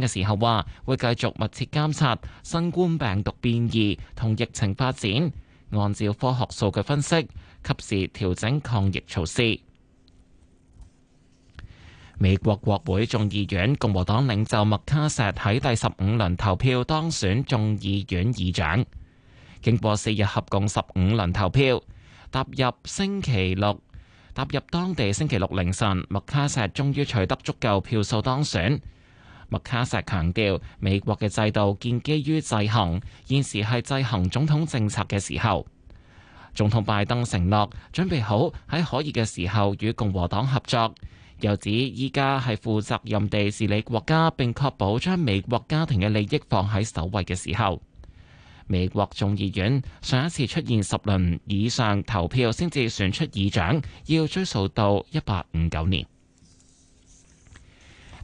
嘅時候話會繼續密切監察新冠病毒變異同疫情發展，按照科學數據分析，及時調整抗疫措施。美國國會眾議院共和黨領袖麥卡錫喺第十五輪投票當選眾議院議長，經過四日合共十五輪投票，踏入星期六，踏入當地星期六凌晨，麥卡錫終於取得足夠票數當選。麥卡錫強調，美國嘅制度建基於制衡，現時係制衡總統政策嘅時候。總統拜登承諾準備好喺可以嘅時候與共和黨合作，又指依家係負責任地治理國家，並確保將美國家庭嘅利益放喺首位嘅時候。美國眾議院上一次出現十輪以上投票先至選出議長，要追溯到一八五九年。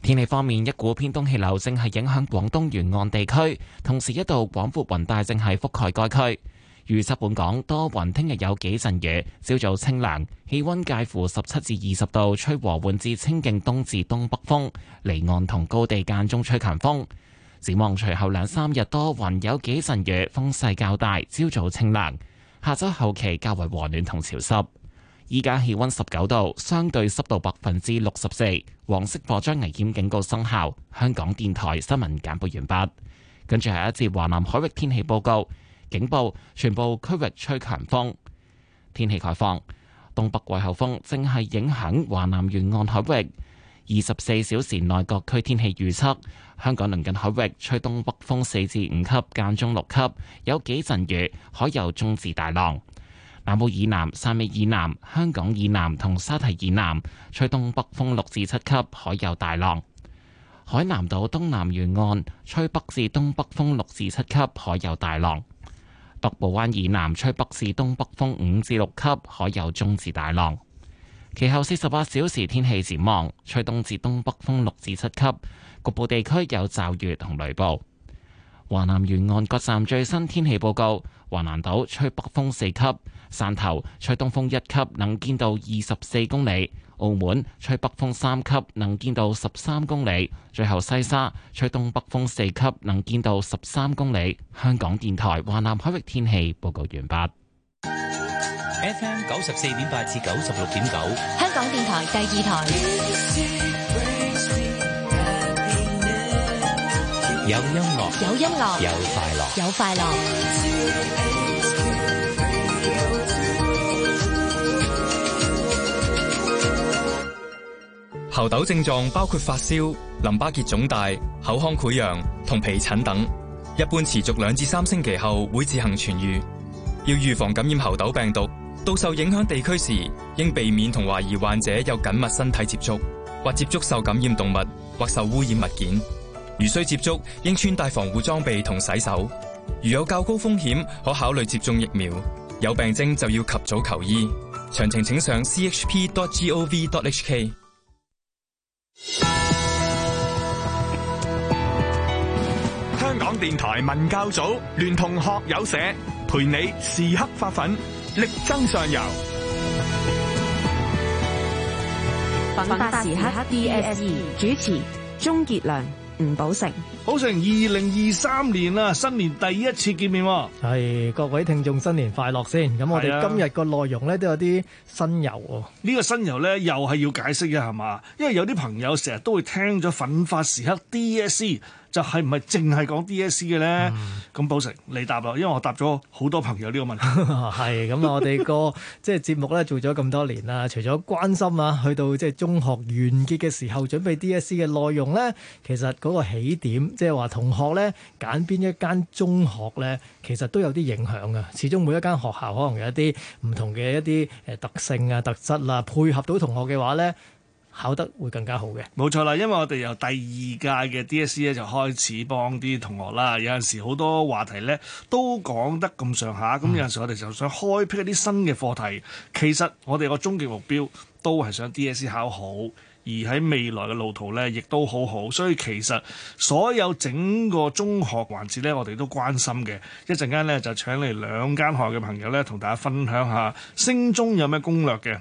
天氣方面，一股偏東氣流正係影響廣東沿岸地區，同時一度廣闊雲帶正係覆蓋該區。預測本港多雲，聽日有幾陣雨，朝早清涼，氣溫介乎十七至二十度，吹和緩至清勁東至東北風，離岸同高地間中吹強風。展望隨後兩三日多雲，有幾陣雨，風勢較大，朝早清涼。下周後期較為和暖同潮濕。依家氣溫十九度，相對濕度百分之六十四，黃色火災危險警告生效。香港電台新聞簡報完畢。跟住係一節華南海域天氣報告，警報全部區域吹強風。天氣概況，東北季候風正係影響華南沿岸海域。二十四小時內各區天氣預測：香港鄰近海域吹東北風四至五級，間中六級，有幾陣雨，海有中至大浪。南部以南、汕尾以南、香港以南同沙堤以南吹東北風六至七級，海有大浪；海南島東南沿岸吹北至東北風六至七級，海有大浪；北部灣以南吹北至東北風五至六級，海有中至大浪。其後四十八小時天氣展望：吹東至東北風六至七級，局部地區有驟雨同雷暴。華南沿岸各站最新天氣報告：華南島吹北風四級，汕頭吹東風一級，能見度二十四公里；澳門吹北風三級，能見度十三公里；最後西沙吹東北風四級，能見度十三公里。香港電台華南海域天氣報告完畢。FM 九十四點八至九十六點九，香港電台第二台。有音樂，有音樂，有快樂，有快樂。猴痘症狀包括發燒、淋巴結腫大、口腔潰瘍同皮疹等，一般持續兩至三星期後會自行痊癒。要預防感染猴痘病毒，到受影響地區時，應避免同懷疑患者有緊密身體接觸，或接觸受感染動物，或受污染物件。如需接觸，應穿戴防護裝備同洗手。如有較高風險，可考慮接種疫苗。有病徵就要及早求醫。詳情請上 chp.gov.hk。香港電台文教組聯同學友社，陪你時刻發奮，力爭上游。奮發時刻 DSE 主持鍾傑良。吳寶成，寶成，二零二三年啦，新年第一次見面，係，各位聽眾新年快樂先。咁我哋、啊、今日個內容咧都有啲新油喎。呢個新油咧又係要解釋嘅係嘛，因為有啲朋友成日都會聽咗《奮發時刻》D S C。就係唔係淨係講 DSE 嘅咧？咁寶城你答啦，因為我答咗好多朋友呢個問題。係咁啊，我哋個即係節目咧 做咗咁多年啦，除咗關心啊，去到即係中學完結嘅時候準備 DSE 嘅內容咧，其實嗰個起點，即係話同學咧揀邊一間中學咧，其實都有啲影響嘅。始終每一間學校可能有一啲唔同嘅一啲誒特性啊、特質啦、啊，配合到同學嘅話咧，考得會更加好嘅，冇錯啦。因為我哋由第二屆嘅 DSE 咧就開始幫啲同學啦。有陣時好多話題呢，都講得咁上下，咁有陣時我哋就想開闢一啲新嘅課題。其實我哋個終極目標都係想 DSE 考好，而喺未來嘅路途呢，亦都好好。所以其實所有整個中學環節呢，我哋都關心嘅。一陣間呢，就請嚟兩間學校嘅朋友呢，同大家分享下升中有咩攻略嘅。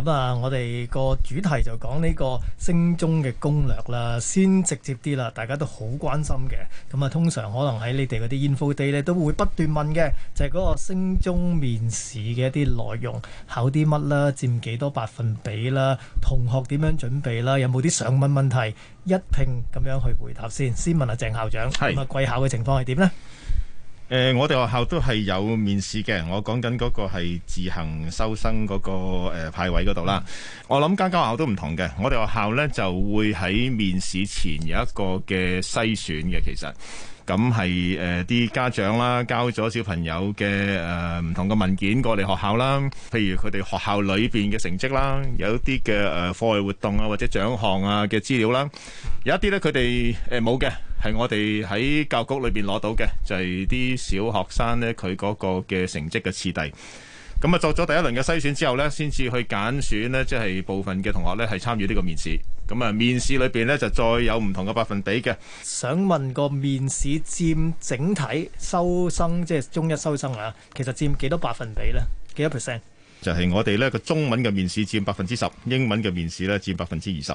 咁啊、嗯，我哋個主題就講呢個升中嘅攻略啦，先直接啲啦，大家都好關心嘅。咁、嗯、啊，通常可能喺你哋嗰啲 info day 咧都會不斷問嘅，就係、是、嗰個升中面試嘅一啲內容，考啲乜啦，佔幾多百分比啦，同學點樣準備啦，有冇啲想問問題一併咁樣去回答先。先問下、啊、鄭校長，咁、嗯、啊，貴校嘅情況係點呢？誒、呃，我哋學校都係有面試嘅。我講緊嗰個係自行收生嗰、嗰個、呃、派位嗰度啦。我諗間間學校都唔同嘅。我哋學校呢就會喺面試前有一個嘅篩選嘅，其實咁係誒啲家長啦，交咗小朋友嘅誒唔同嘅文件過嚟學校啦。譬如佢哋學校裏邊嘅成績啦，有啲嘅誒課外活動啊或者獎項啊嘅資料啦，有一啲呢，佢哋誒冇嘅。呃係我哋喺教育局裏邊攞到嘅，就係啲小學生呢，佢嗰個嘅成績嘅次第。咁啊，做咗第一輪嘅篩選之後呢，先至去揀選呢，即係部分嘅同學呢，係參與呢個面試。咁啊，面試裏邊呢，就再有唔同嘅百分比嘅。想問個面試佔整體收生，即係中一收生啊，其實佔幾多百分比呢？幾多 percent？就係我哋呢個中文嘅面試佔百分之十，英文嘅面試呢佔百分之二十。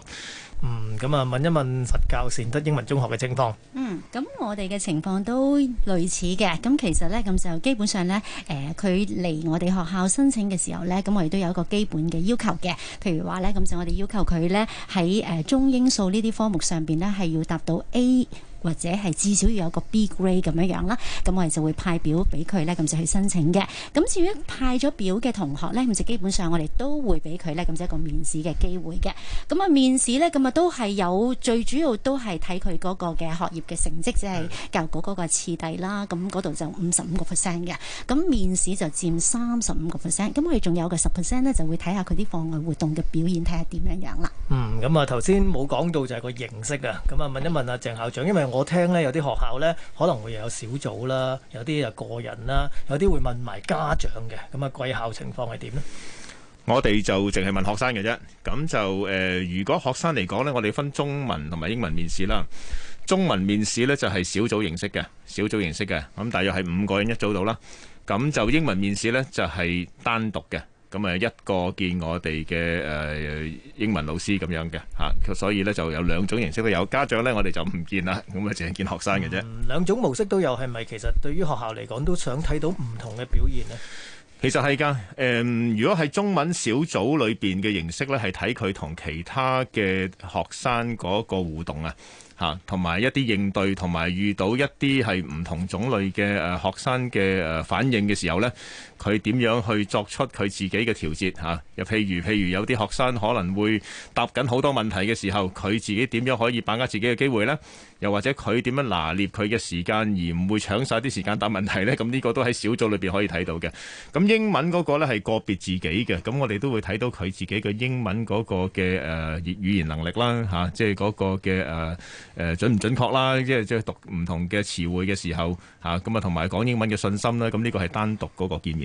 嗯，咁啊，問一問佛教善德英文中學嘅情況。嗯，咁我哋嘅情況都類似嘅。咁其實呢，咁就基本上呢，誒、呃，佢嚟我哋學校申請嘅時候呢，咁我哋都有一個基本嘅要求嘅。譬如話呢，咁就我哋要求佢呢喺誒、呃、中英數呢啲科目上邊呢，係要達到 A 或者係至少要有個 B grade 咁樣樣啦。咁我哋就會派表俾佢呢，咁就去申請嘅。咁至於派咗表嘅同學呢，咁就基本上我哋都會俾佢呢，咁就一個面試嘅機會嘅。咁啊，面試呢。咁。都係有，最主要都係睇佢嗰個嘅學業嘅成績，即係教育局嗰個次第啦。咁嗰度就五十五個 percent 嘅，咁面試就佔三十五個 percent。咁我哋仲有個十 percent 咧，就會睇下佢啲課外活動嘅表現，睇下點樣樣啦。嗯，咁啊，頭先冇講到就係個形式啊。咁啊，問一問啊，鄭校長，因為我聽咧有啲學校咧可能會有小組啦，有啲又個人啦，有啲會問埋家長嘅。咁啊，貴校情況係點呢？我哋就淨係問學生嘅啫，咁就誒、呃，如果學生嚟講呢，我哋分中文同埋英文面試啦。中文面試呢，就係、是、小組形式嘅，小組形式嘅，咁、嗯、大約係五個人一組到啦。咁就英文面試呢，就係、是、單獨嘅，咁啊，一個見我哋嘅誒英文老師咁樣嘅吓、啊。所以呢，就有兩種形式都有，家長呢，我哋就唔見啦，咁啊淨係見學生嘅啫、嗯。兩種模式都有，係咪其實對於學校嚟講都想睇到唔同嘅表現呢？其實係㗎，誒，如果係中文小組裏邊嘅形式呢，係睇佢同其他嘅學生嗰個互動啊，嚇，同埋一啲應對，同埋遇到一啲係唔同種類嘅誒學生嘅誒反應嘅時候呢。佢點樣去作出佢自己嘅調節吓，又、啊、譬如譬如有啲學生可能會答緊好多問題嘅時候，佢自己點樣可以把握自己嘅機會咧？又或者佢點樣拿捏佢嘅時間而唔會搶晒啲時間答問題咧？咁、嗯、呢、呢個都喺小組裏邊可以睇到嘅。咁、嗯、英文嗰個咧係個別自己嘅，咁、嗯、我哋都會睇到佢自己嘅英文嗰個嘅誒、呃、語言能力啦吓、啊，即係嗰個嘅、啊、誒誒準唔準確啦、啊，即係即係讀唔同嘅詞彙嘅時候吓，咁啊同埋、嗯、講英文嘅信心啦，咁、啊、呢、嗯呢個係單獨嗰個建議。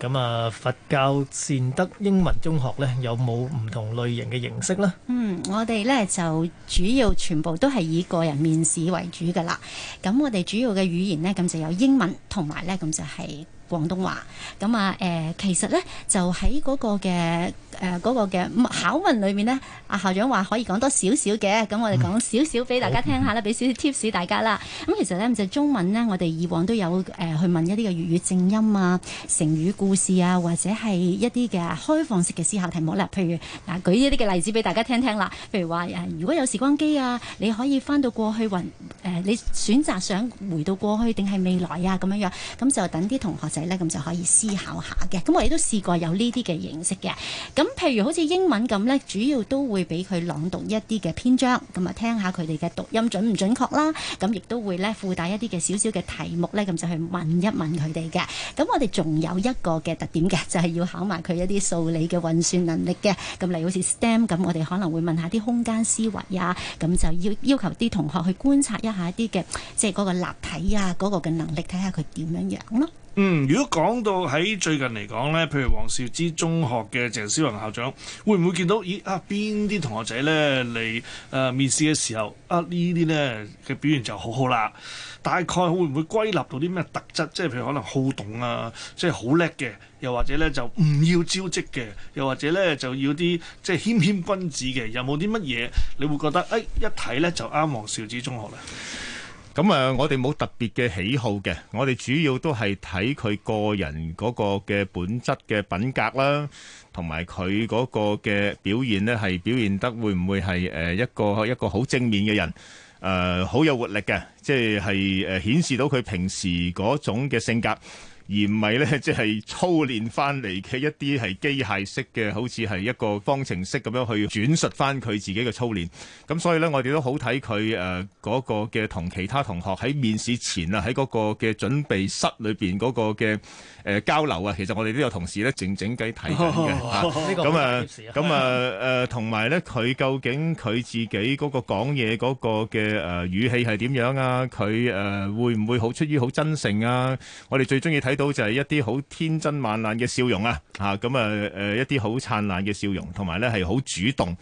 咁啊佛教善德英文中學咧有冇唔同類型嘅形式咧？嗯，我哋咧就主要全部都係以個人面試為主㗎啦。咁我哋主要嘅語言咧，咁就有英文同埋咧，咁就係廣東話。咁啊誒、呃，其實咧就喺嗰個嘅誒嗰個嘅考問裏面咧，阿校長話可以講多少少嘅。咁我哋講少少俾大家聽下啦，俾少少 tips 大家啦。咁其實咧就是、中文咧，我哋以往都有誒、呃、去問一啲嘅粵語正音啊、成語故故事啊，或者係一啲嘅開放式嘅思考題目啦，譬如嗱，舉一啲嘅例子俾大家聽聽啦。譬如話，如果有時光機啊，你可以翻到過去云，誒、呃，你選擇想回到過去定係未來啊，咁樣樣，咁就等啲同學仔咧，咁就可以思考下嘅。咁我亦都試過有呢啲嘅形式嘅。咁譬如好似英文咁咧，主要都會俾佢朗讀一啲嘅篇章，咁啊聽下佢哋嘅讀音準唔準確啦。咁亦都會咧附帶一啲嘅小小嘅題目咧，咁就去問一問佢哋嘅。咁我哋仲有一個嘅特點嘅就係要考埋佢一啲數理嘅運算能力嘅。咁例如好似 STEM 咁，我哋可能會問下啲空間思維啊，咁就要要求啲同學去觀察一下啲嘅，即係嗰個立體啊嗰個嘅能力，睇下佢點樣樣咯。嗯，如果講到喺最近嚟講呢，譬如王肇枝中學嘅鄭思宏校長，會唔會見到？咦啊，邊啲同學仔呢？嚟誒、呃、面試嘅時候啊？呢啲呢嘅表現就好好啦。大概會唔會歸納到啲咩特質？即係譬如可能好動啊，即係好叻嘅，又或者呢就唔要招職嘅，又或者呢就要啲即係謙謙君子嘅，有冇啲乜嘢？你會覺得誒、哎、一睇呢就啱王肇枝中學啦。咁誒，我哋冇特別嘅喜好嘅，我哋主要都係睇佢個人嗰個嘅本質嘅品格啦，同埋佢嗰個嘅表現呢，係表現得會唔會係誒一個一個好正面嘅人，誒好有活力嘅，即係係誒顯示到佢平時嗰種嘅性格。而唔係咧，即係操練翻嚟嘅一啲係機械式嘅，好似係一個方程式咁樣去轉述翻佢自己嘅操練。咁所以咧，我哋都好睇佢誒嗰個嘅同其他同學喺面試前啊，喺嗰個嘅準備室裏邊嗰個嘅誒交流啊。其實我哋都有同事咧靜靜雞睇緊嘅。咁啊，咁啊，誒同埋咧，佢究竟佢自己嗰個講嘢嗰個嘅誒語氣係點樣啊？佢誒會唔會好出於好真誠啊？我哋最鍾意睇。都就係一啲好天真爛漫嘅笑容啊！吓咁啊誒、啊啊，一啲好燦爛嘅笑容，同埋咧係好主動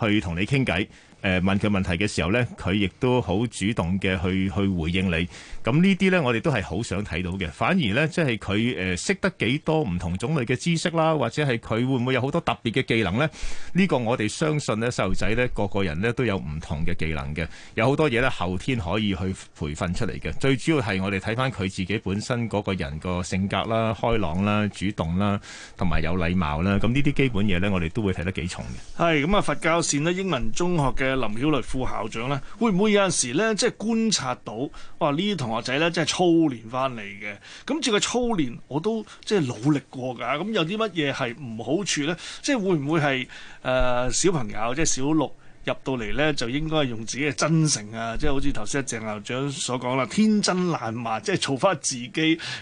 去同你傾偈誒，問佢問題嘅時候咧，佢亦都好主動嘅去去回應你。咁呢啲呢，我哋都係好想睇到嘅。反而呢，即係佢誒識得幾多唔同種類嘅知識啦，或者係佢會唔會有好多特別嘅技能呢？呢個我哋相信呢，細路仔呢，個個人呢都有唔同嘅技能嘅。有好多嘢呢，後天可以去培訓出嚟嘅。最主要係我哋睇翻佢自己本身個人個性格啦、開朗啦、主動啦，同埋有禮貌啦。咁呢啲基本嘢呢，我哋都會睇得幾重嘅。係咁啊，佛教善呢，英文中學嘅林曉蕾副校長呢，會唔會有陣時呢，即係觀察到哇呢啲同學。仔咧，即係操練翻嚟嘅。咁至於操練，我都即係努力過㗎。咁、嗯、有啲乜嘢係唔好處咧？即係會唔會係誒、呃、小朋友，即係小六入到嚟咧，就應該係用自己嘅真誠啊！即係好似頭先阿鄭校長所講啦，天真爛漫，即係做翻自己，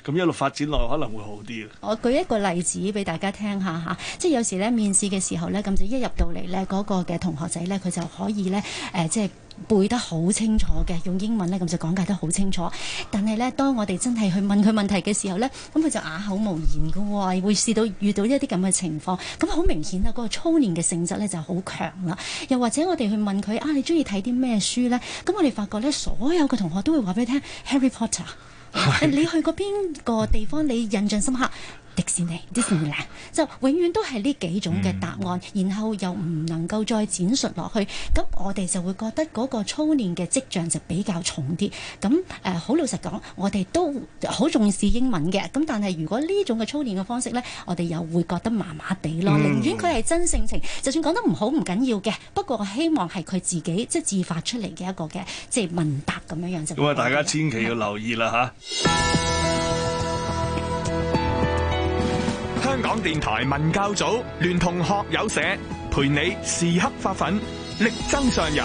咁一路發展落去可能會好啲。我舉一個例子俾大家聽下吓、啊，即係有時咧面試嘅時候咧，咁就一入到嚟咧，嗰、那個嘅同學仔咧，佢就可以咧誒、呃，即係。背得好清楚嘅，用英文咧咁就講解得好清楚。但係咧，當我哋真係去問佢問題嘅時候咧，咁、嗯、佢就啞口無言嘅喎、哦，會試到遇到一啲咁嘅情況。咁、嗯、好明顯啊，嗰個操練嘅性質咧就好強啦。又或者我哋去問佢啊，你中意睇啲咩書咧？咁、嗯、我哋發覺咧，所有嘅同學都會話俾你聽《 Harry Potter》。 你去過邊個地方？你印象深刻？迪士尼，迪士尼就永遠都係呢幾種嘅答案，嗯、然後又唔能夠再展述落去，咁我哋就會覺得嗰個操練嘅跡象就比較重啲。咁誒，好、呃、老實講，我哋都好重視英文嘅，咁但係如果呢種嘅操練嘅方式呢，我哋又會覺得麻麻地咯。寧願佢係真性情，就算講得唔好唔緊要嘅，不過希望係佢自己即係自發出嚟嘅一個嘅即係問答咁樣樣就。咁、嗯、大家千祈要留意啦嚇。對香港電台文教組聯同學友社陪你時刻發奮，力爭上游。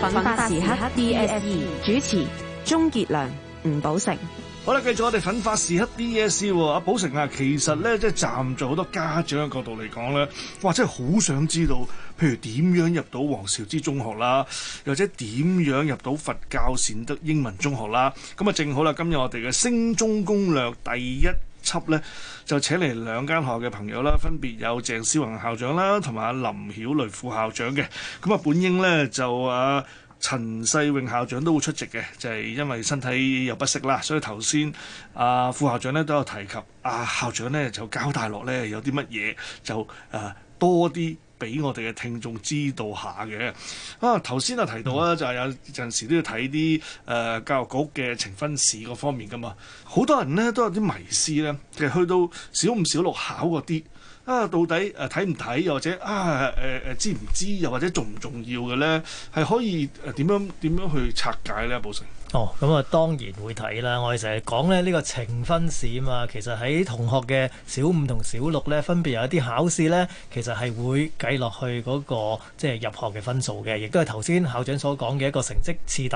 粉發時刻 DSE 主持鍾傑良。吳寶城，好啦，繼續我哋奮發時刻 D S C，阿、啊、寶城啊，其實咧即係站在好多家長嘅角度嚟講咧，哇，真係好想知道，譬如點樣入到王肇枝中學啦，或者點樣入到佛教善德英文中學啦，咁啊，正好啦，今日我哋嘅升中攻略第一輯咧，就請嚟兩間學校嘅朋友啦，分別有鄭思宏校長啦，同埋阿林曉蕾副校長嘅，咁啊，本應咧就啊。陳世榮校長都會出席嘅，就係、是、因為身體又不適啦，所以頭先啊副校長咧都有提及啊，校長咧就交代落咧有啲乜嘢就誒、呃、多啲俾我哋嘅聽眾知道下嘅。啊頭先啊提到啦，嗯、就係有陣時都要睇啲誒教育局嘅呈分試嗰方面噶嘛，好多人咧都有啲迷思咧，其實去到小五、小六考嗰啲。啊，到底誒睇唔睇，又、啊、或者啊誒誒、啊啊、知唔知，又或者重唔重要嘅咧，係可以誒點、啊、樣點樣去拆解咧，寶城？哦，咁啊當然會睇啦。我哋成日講咧呢個呈分試啊嘛，其實喺同學嘅小五同小六咧，分別有一啲考試咧，其實係會計落去嗰個即係入學嘅分數嘅，亦都係頭先校長所講嘅一個成績次第。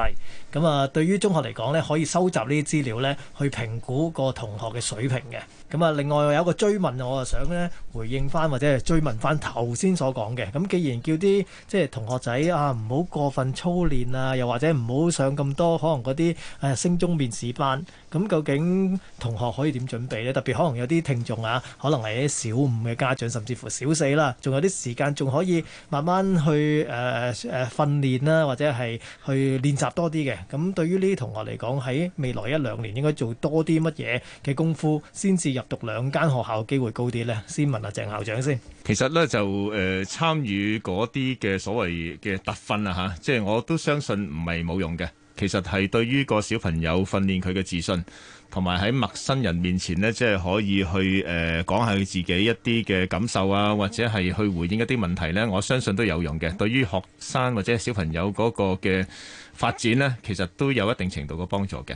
咁啊，對於中學嚟講咧，可以收集呢啲資料咧，去評估個同學嘅水平嘅。咁啊，另外有一個追問，我就想咧回應返或者係追問返頭先所講嘅。咁既然叫啲即係同學仔啊，唔好過分操練啊，又或者唔好上咁多可能。嗰啲誒升中面試班，咁究竟同學可以點準備呢？特別可能有啲聽眾啊，可能係啲小五嘅家長，甚至乎小四啦，仲有啲時間，仲可以慢慢去誒誒訓練啦，或者係去練習多啲嘅。咁對於呢啲同學嚟講，喺未來一兩年應該做多啲乜嘢嘅功夫，先至入讀兩間學校嘅機會高啲呢？先問下鄭校長先。其實呢就誒參與嗰啲嘅所謂嘅特訓啊嚇，即係我都相信唔係冇用嘅。其實係對於個小朋友訓練佢嘅自信，同埋喺陌生人面前呢，即係可以去誒講、呃、下佢自己一啲嘅感受啊，或者係去回應一啲問題呢。我相信都有用嘅，對於學生或者小朋友嗰個嘅發展呢，其實都有一定程度嘅幫助嘅。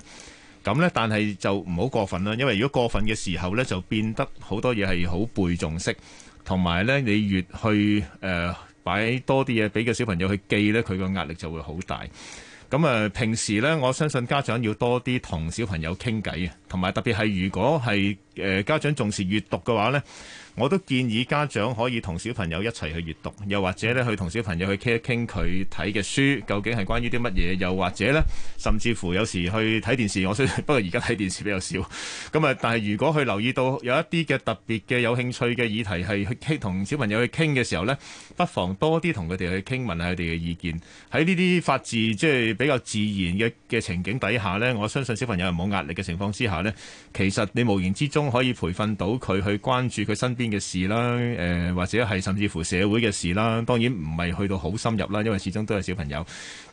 咁呢，但係就唔好過分啦，因為如果過分嘅時候呢，就變得好多嘢係好背誦式，同埋呢，你越去誒擺、呃、多啲嘢俾個小朋友去記呢，佢個壓力就會好大。咁啊，平時咧，我相信家長要多啲同小朋友傾偈啊！同埋特別係如果係誒家長重視閱讀嘅話咧，我都建議家長可以同小朋友一齊去閱讀，又或者咧去同小朋友去傾一傾佢睇嘅書究竟係關於啲乜嘢，又或者咧甚至乎有時去睇電視，我雖不過而家睇電視比較少，咁啊，但係如果去留意到有一啲嘅特別嘅有興趣嘅議題係去同小朋友去傾嘅時候咧，不妨多啲同佢哋去傾，問下佢哋嘅意見，喺呢啲法治即係比較自然嘅嘅情景底下咧，我相信小朋友係冇壓力嘅情況之下。其實你無形之中可以培訓到佢去關注佢身邊嘅事啦，誒、呃、或者係甚至乎社會嘅事啦。當然唔係去到好深入啦，因為始終都係小朋友。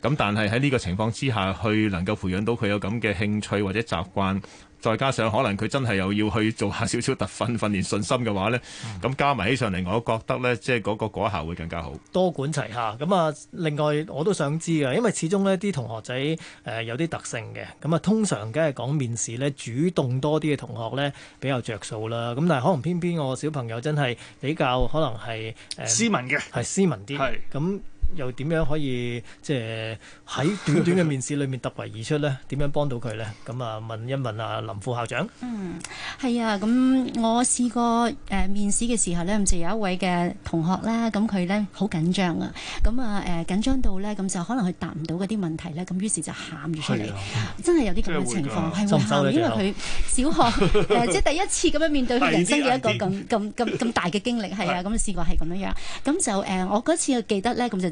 咁但係喺呢個情況之下去能夠培養到佢有咁嘅興趣或者習慣。再加上可能佢真係又要去做下少少特訓訓練信心嘅話呢，咁、嗯、加埋起上嚟，我覺得呢、那個，即係嗰個果效會更加好。多管齊下，咁啊，另外我都想知啊，因為始終呢啲同學仔誒有啲特性嘅，咁啊通常梗係講面試呢，主動多啲嘅同學呢，比較着數啦。咁但係可能偏偏我小朋友真係比較可能係誒斯文嘅，係斯文啲，咁是。又點樣可以即係喺短短嘅面試裏面突圍而出咧？點樣幫到佢咧？咁啊，問一問啊，林副校長。嗯，係啊，咁我試過誒面試嘅時候咧，就有一位嘅同學啦，咁佢咧好緊張啊，咁啊誒緊張到咧，咁就可能佢答唔到嗰啲問題咧，咁於是就喊咗出嚟，啊、真係有啲咁嘅情況，係因為佢小學誒 即係第一次咁樣面對佢人生嘅一個咁咁咁咁大嘅經歷，係啊，咁試過係咁樣樣，咁就誒、呃、我嗰次記得咧，咁就。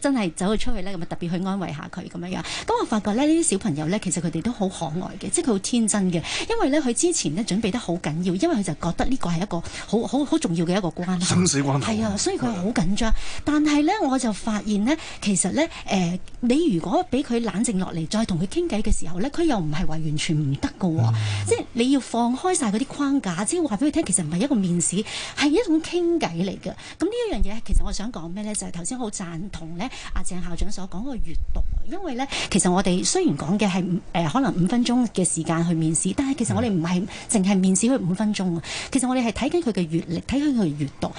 真係走咗出去咧，咁咪特別去安慰下佢咁樣樣。咁我發覺咧，呢啲小朋友咧，其實佢哋都好可愛嘅，即係佢好天真嘅。因為咧，佢之前咧準備得好緊要，因為佢就覺得呢個係一個好好好重要嘅一個關係，生死關係啊，所以佢好緊張。的但係咧，我就發現咧，其實咧，誒、呃，你如果俾佢冷靜落嚟，再同佢傾偈嘅時候咧，佢又唔係話完全唔得㗎喎、哦，嗯、即係你要放開晒嗰啲框架，即係話俾佢聽，其實唔係一個面試，係一種傾偈嚟嘅。咁呢一樣嘢，其實我想講咩咧？就係頭先好贊同咧。阿鄭校長所講嗰個閱讀，因為咧，其實我哋雖然講嘅係誒可能五分鐘嘅時間去面試，但係其實我哋唔係淨係面試佢五分鐘啊。其實我哋係睇緊佢嘅閱歷，睇緊佢閱讀，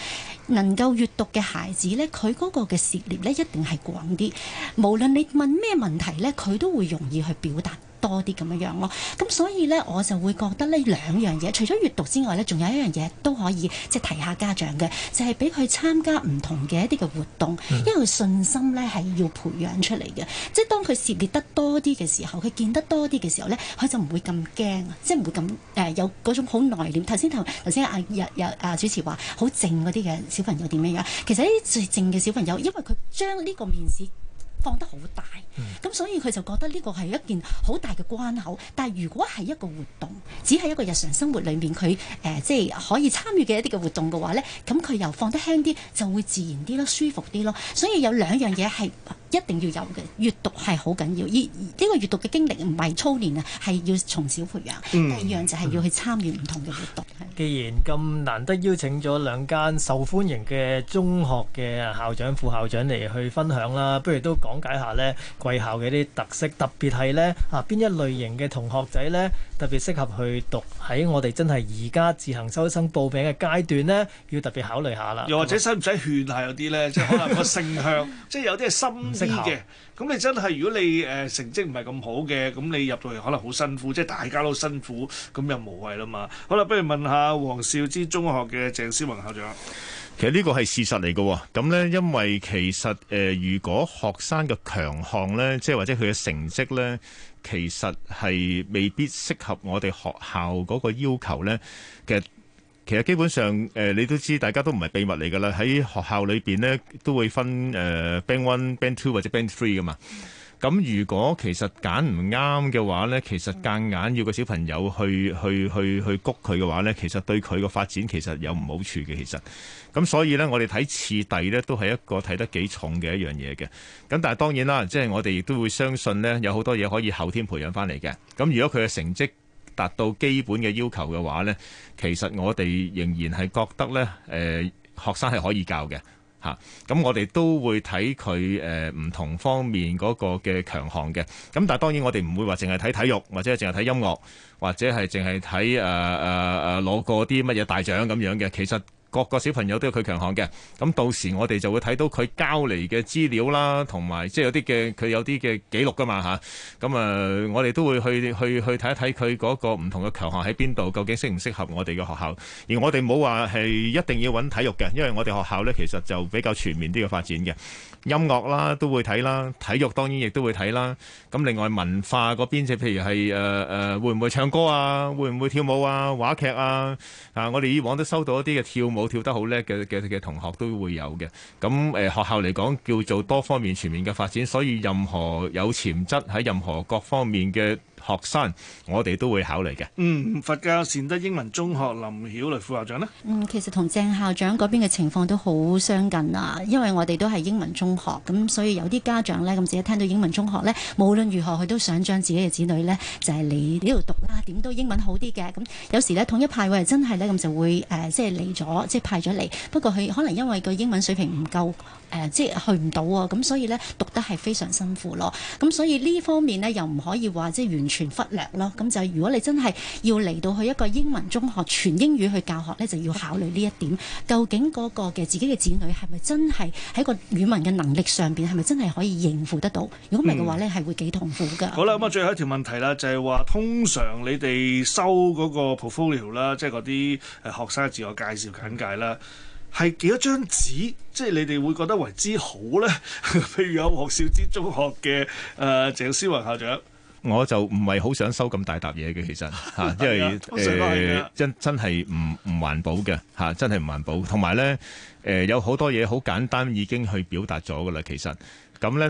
能夠閱讀嘅孩子咧，佢嗰個嘅涉獵咧一定係廣啲。無論你問咩問題咧，佢都會容易去表達。多啲咁樣樣咯，咁所以咧，我就會覺得呢兩樣嘢，除咗閱讀之外咧，仲有一樣嘢都可以即係提下家長嘅，就係俾佢參加唔同嘅一啲嘅活動，因為佢信心咧係要培養出嚟嘅，即係當佢涉獵得多啲嘅時候，佢見得多啲嘅時候咧，佢就唔會咁驚，即係唔會咁誒、呃、有嗰種好內斂。頭先頭頭先阿日日阿主持話好靜嗰啲嘅小朋友點樣樣，其實呢啲最靜嘅小朋友，因為佢將呢個面試放得好大，咁所以佢就覺得呢個係一件好大嘅關口。但係如果係一個活動，只係一個日常生活裏面佢誒、呃、即係可以參與嘅一啲嘅活動嘅話咧，咁佢又放得輕啲，就會自然啲咯，舒服啲咯。所以有兩樣嘢係。一定要有嘅，閱讀係好緊要。依呢、這個閱讀嘅經歷唔係操練啊，係要從小培養。第二樣就係要去參與唔同嘅閱讀。既然咁難得邀請咗兩間受歡迎嘅中學嘅校長、副校長嚟去分享啦，不如都講解下呢，貴校嘅啲特色，特別係呢啊邊一類型嘅同學仔呢，特別適合去讀喺我哋真係而家自行收生報名嘅階段呢，要特別考慮下啦。又或者使唔使勸下有啲呢？ 即係可能個性向，即、就、係、是、有啲系心。 嘅，咁你真係如果你誒、呃、成績唔係咁好嘅，咁你入到嚟可能好辛苦，即係大家都辛苦，咁又無謂啦嘛。好啦，不如問下王肇枝中學嘅鄭思宏校長。其實呢個係事實嚟嘅，咁、嗯、呢，因為其實誒、呃，如果學生嘅強項呢，即係或者佢嘅成績呢，其實係未必適合我哋學校嗰個要求呢嘅。其實其實基本上，誒、呃，你都知，大家都唔係秘密嚟噶啦。喺學校裏邊呢，都會分誒 Band One、Band Two 或者 Band Three 噶嘛。咁、嗯嗯、如果其實揀唔啱嘅話呢，其實夾硬要個小朋友去去去去谷佢嘅話呢，其實對佢個發展其實有唔好處嘅。其實，咁、嗯、所以呢，我哋睇次第呢都係一個睇得幾重嘅一樣嘢嘅。咁、嗯、但係當然啦，即係我哋亦都會相信呢，有好多嘢可以後天培養翻嚟嘅。咁、嗯、如果佢嘅成績，達到基本嘅要求嘅話呢，其實我哋仍然係覺得呢，誒、呃、學生係可以教嘅嚇。咁、啊、我哋都會睇佢誒唔同方面嗰個嘅強項嘅。咁但係當然我哋唔會話淨係睇體育，或者係淨係睇音樂，或者係淨係睇誒誒誒攞過啲乜嘢大獎咁樣嘅。其實。各個小朋友都有佢強項嘅，咁到時我哋就會睇到佢交嚟嘅資料啦，同埋即係有啲嘅佢有啲嘅記錄噶嘛吓，咁啊我哋都會去去去睇一睇佢個唔同嘅強項喺邊度，究竟適唔適合我哋嘅學校？而我哋冇話係一定要揾體育嘅，因為我哋學校咧其實就比較全面啲嘅發展嘅，音樂啦都會睇啦，體育當然亦都會睇啦。咁另外文化嗰邊即係譬如係誒誒會唔會唱歌啊，會唔會跳舞啊，話劇啊啊，我哋以往都收到一啲嘅跳舞。跳得好叻嘅嘅嘅同學都會有嘅，咁誒、呃，學校嚟講叫做多方面全面嘅發展，所以任何有潛質喺任何各方面嘅。學生，我哋都會考慮嘅。嗯，佛教善德英文中學林曉蕾副校長呢，嗯，其實同鄭校長嗰邊嘅情況都好相近啊，因為我哋都係英文中學，咁所以有啲家長呢，咁自己聽到英文中學呢，無論如何佢都想將自己嘅子女呢，就係、是、你呢度讀啦、啊，點都英文好啲嘅。咁有時呢統一派位係真係呢，咁就會誒即係嚟咗，即、呃、係、就是就是、派咗嚟。不過佢可能因為個英文水平唔夠。誒、呃，即係去唔到啊，咁所以呢，讀得係非常辛苦咯。咁、嗯、所以呢方面呢，又唔可以話即係完全忽略咯。咁、嗯、就、嗯、如果你真係要嚟到去一個英文中學，全英語去教學呢，就要考慮呢一點。究竟嗰個嘅自己嘅子女係咪真係喺個語文嘅能力上邊係咪真係可以應付得到？如果唔係嘅話呢，係、嗯、會幾痛苦㗎、嗯。好啦，咁、嗯、啊，最後一條問題啦，就係、是、話通常你哋收嗰個 portfolio 啦，即係嗰啲誒學生自我介紹簡介啦。係幾多張紙？即係你哋會覺得為之好咧？譬 如有王肇枝中學嘅誒鄭思宏校長，我就唔係好想收咁大沓嘢嘅，其實吓， 啊、因為誒真真係唔唔環保嘅吓，真係唔環保。同埋咧，誒有好、呃、多嘢好簡單已經去表達咗噶啦，其實咁咧。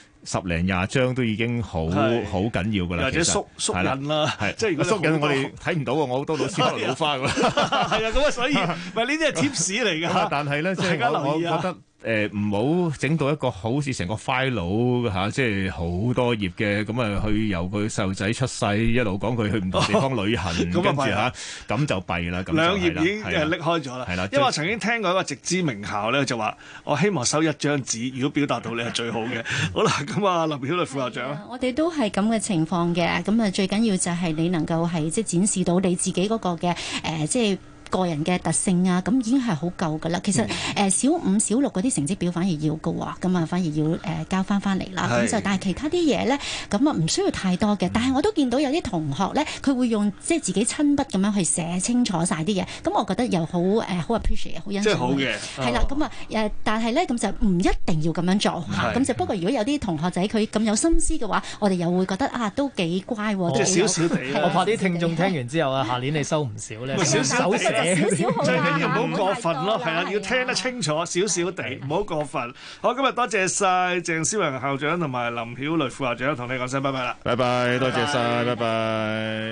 十零廿張都已經好好緊要㗎啦，或者縮縮緊啦，的即係如果縮緊我哋睇唔到喎，我好多老師可能老花咁啊，係啊 的，咁啊， 所以唔係呢啲係貼士嚟㗎， 但係咧即係我大家留意我覺得。誒唔好整到一個好似成個 file 嘅、啊、即係好多頁嘅，咁啊去由佢細路仔出世一路講佢去唔同地方旅行，咁 跟住著嚇，咁 就弊啦。咁就係、是、兩頁已經誒拎、啊、開咗啦。係啦、啊，因為我曾經聽過一個直資名校咧，啊、就話我希望收一張紙，如果表達到你係最好嘅。啊、好啦，咁啊，啊林曉蕾副校長，啊、我哋都係咁嘅情況嘅。咁啊最緊要就係你能夠係即係展示到你自己嗰個嘅誒即係。個人嘅特性啊，咁已經係好夠噶啦。其實誒、嗯呃、小五小六嗰啲成績表反而要嘅喎、啊，咁啊反而要誒、呃、交翻翻嚟啦。咁就是但係其他啲嘢咧，咁啊唔需要太多嘅。嗯、但係我都見到有啲同學咧，佢會用即係自己親筆咁樣去寫清楚晒啲嘢。咁我覺得又好誒，好、呃、appreciate，好欣賞嘅。係啦，咁啊誒，哦、但係咧咁就唔一定要咁樣做。咁是就不過如果有啲同學仔佢咁有心思嘅話，我哋又會覺得啊都幾乖喎。即係少少哋，我怕啲聽眾聽完之後啊， 下年你收唔少咧？ 最緊要唔好過分咯，係啊，要聽得清楚少少地，唔好過分。好，今日多謝曬鄭思宏校長同埋林曉蕾副校長同你講聲，拜拜啦，拜拜，多謝曬，拜拜。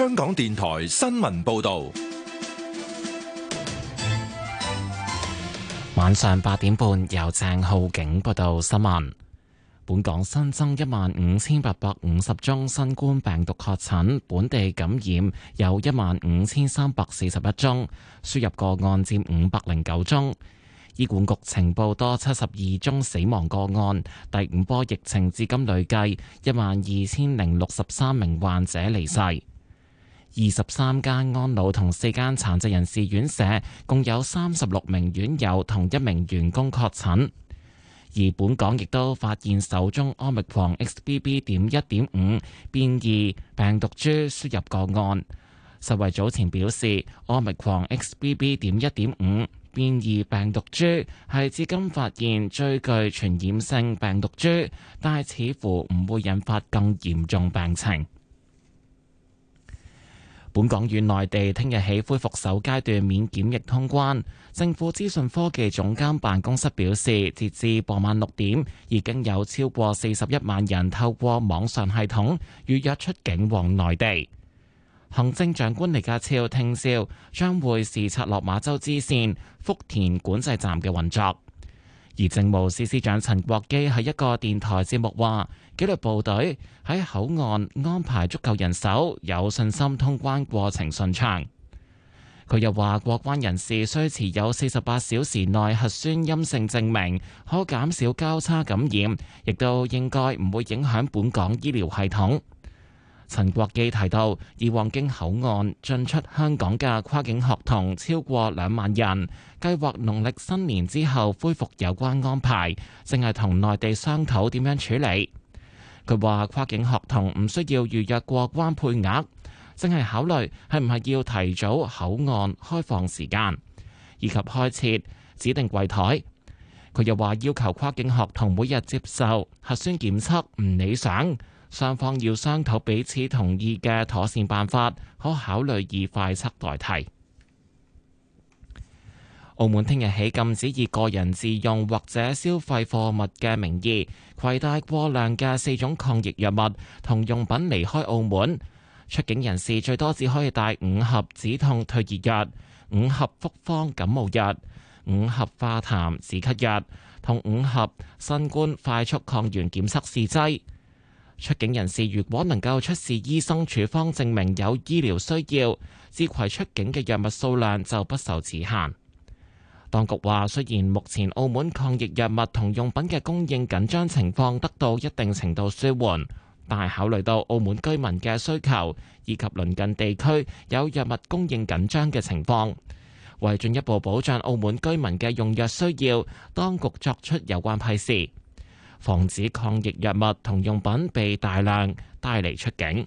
香港電台新聞報道，晚上八點半由鄭浩景報道新聞。本港新增一萬五千八百五十宗新冠病毒確診，本地感染有一萬五千三百四十一宗，輸入個案佔五百零九宗。醫管局情報多七十二宗死亡個案，第五波疫情至今累計一萬二千零六十三名患者離世。二十三間安老同四間殘疾人士院舍共有三十六名院友同一名員工確診，而本港亦都發現手中奧密狂 XBB. 點一點五變異病毒株輸入個案。實惠早前表示，奧密狂 XBB. 點一點五變異病毒株係至今發現最具傳染性病毒株，但係似乎唔會引發更嚴重病情。本港與內地聽日起恢復首階段免檢疫通關，政府資訊科技總監辦公室表示，截至傍晚六點，已經有超過四十一萬人透過網上系統預約出境往內地。行政長官李家超聽朝將會視察落馬洲支線福田管制站嘅運作，而政務司司長陳國基喺一個電台節目話，紀律部隊喺口岸安排足夠人手，有信心通關過程順暢。佢又話，過關人士需持有四十八小時內核酸陰性證明，可減少交叉感染，亦都應該唔會影響本港醫療系統。陳國基提到，以往經口岸進出香港嘅跨境學童超過兩萬人，計劃農曆新年之後恢復有關安排，淨係同內地商討點樣處理。佢話跨境學童唔需要預約過關配額，正係考慮係唔係要提早口岸開放時間以及開設指定櫃枱。佢又話要求跨境學童每日接受核酸檢測唔理想，雙方要商討彼此同意嘅妥善辦法，可考慮以快測代替。澳門聽日起禁止以個人自用或者消費貨物嘅名義攜帶過量嘅四種抗疫藥物同用品離開澳門。出境人士最多只可以帶五盒止痛退熱藥、五盒複方感冒藥、五盒化痰止咳藥同五盒新冠快速抗原檢測試劑。出境人士如果能夠出示醫生處方，證明有醫療需要，自攜出境嘅藥物數量就不受此限。當局話，雖然目前澳門抗疫藥物同用品嘅供應緊張情況得到一定程度舒緩，但係考慮到澳門居民嘅需求，以及鄰近地區有藥物供應緊張嘅情況，為進一步保障澳門居民嘅用藥需要，當局作出有關批示，防止抗疫藥物同用品被大量帶嚟出境。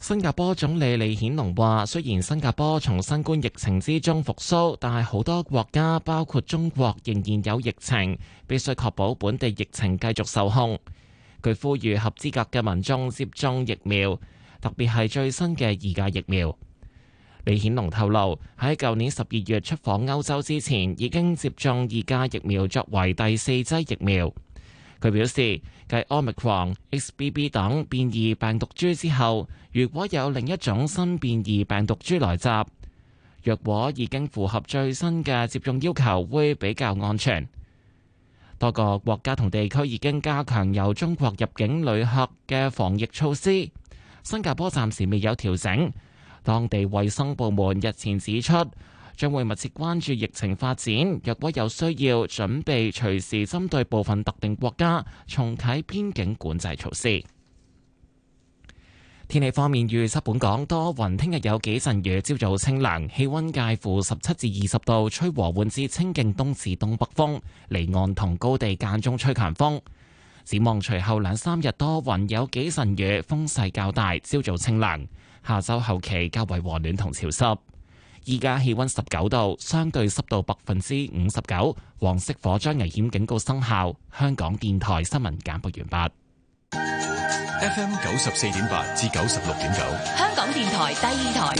新加坡總理李顯龍話：雖然新加坡從新冠疫情之中復甦，但係好多國家，包括中國，仍然有疫情，必須確保本地疫情繼續受控。佢呼籲合資格嘅民眾接種疫苗，特別係最新嘅二價疫苗。李顯龍透露，喺舊年十二月出訪歐洲之前，已經接種二價疫苗作為第四劑疫苗。佢表示，繼 Omicron、XBB 等變異病毒株之後，如果有另一種新變異病毒株來襲，若果已經符合最新嘅接種要求，會比較安全。多個國家同地區已經加強由中國入境旅客嘅防疫措施。新加坡暫時未有調整，當地衛生部門日前指出，將會密切關注疫情發展，若果有需要，準備隨時針對部分特定國家重啟邊境管制措施。天氣方面，預測本港多雲，聽日有幾陣雨，朝早清涼，氣温介乎十七至二十度，吹和緩至清勁東至東北風，離岸同高地間中吹強風。展望隨後兩三日多雲有幾陣雨，風勢較大，朝早清涼，下周後期較為和暖同潮濕。依家氣温十九度，相對濕度百分之五十九，黃色火災危險警告生效。香港電台新聞簡報完畢。FM 九十四點八至九十六點九，香港電台第二台。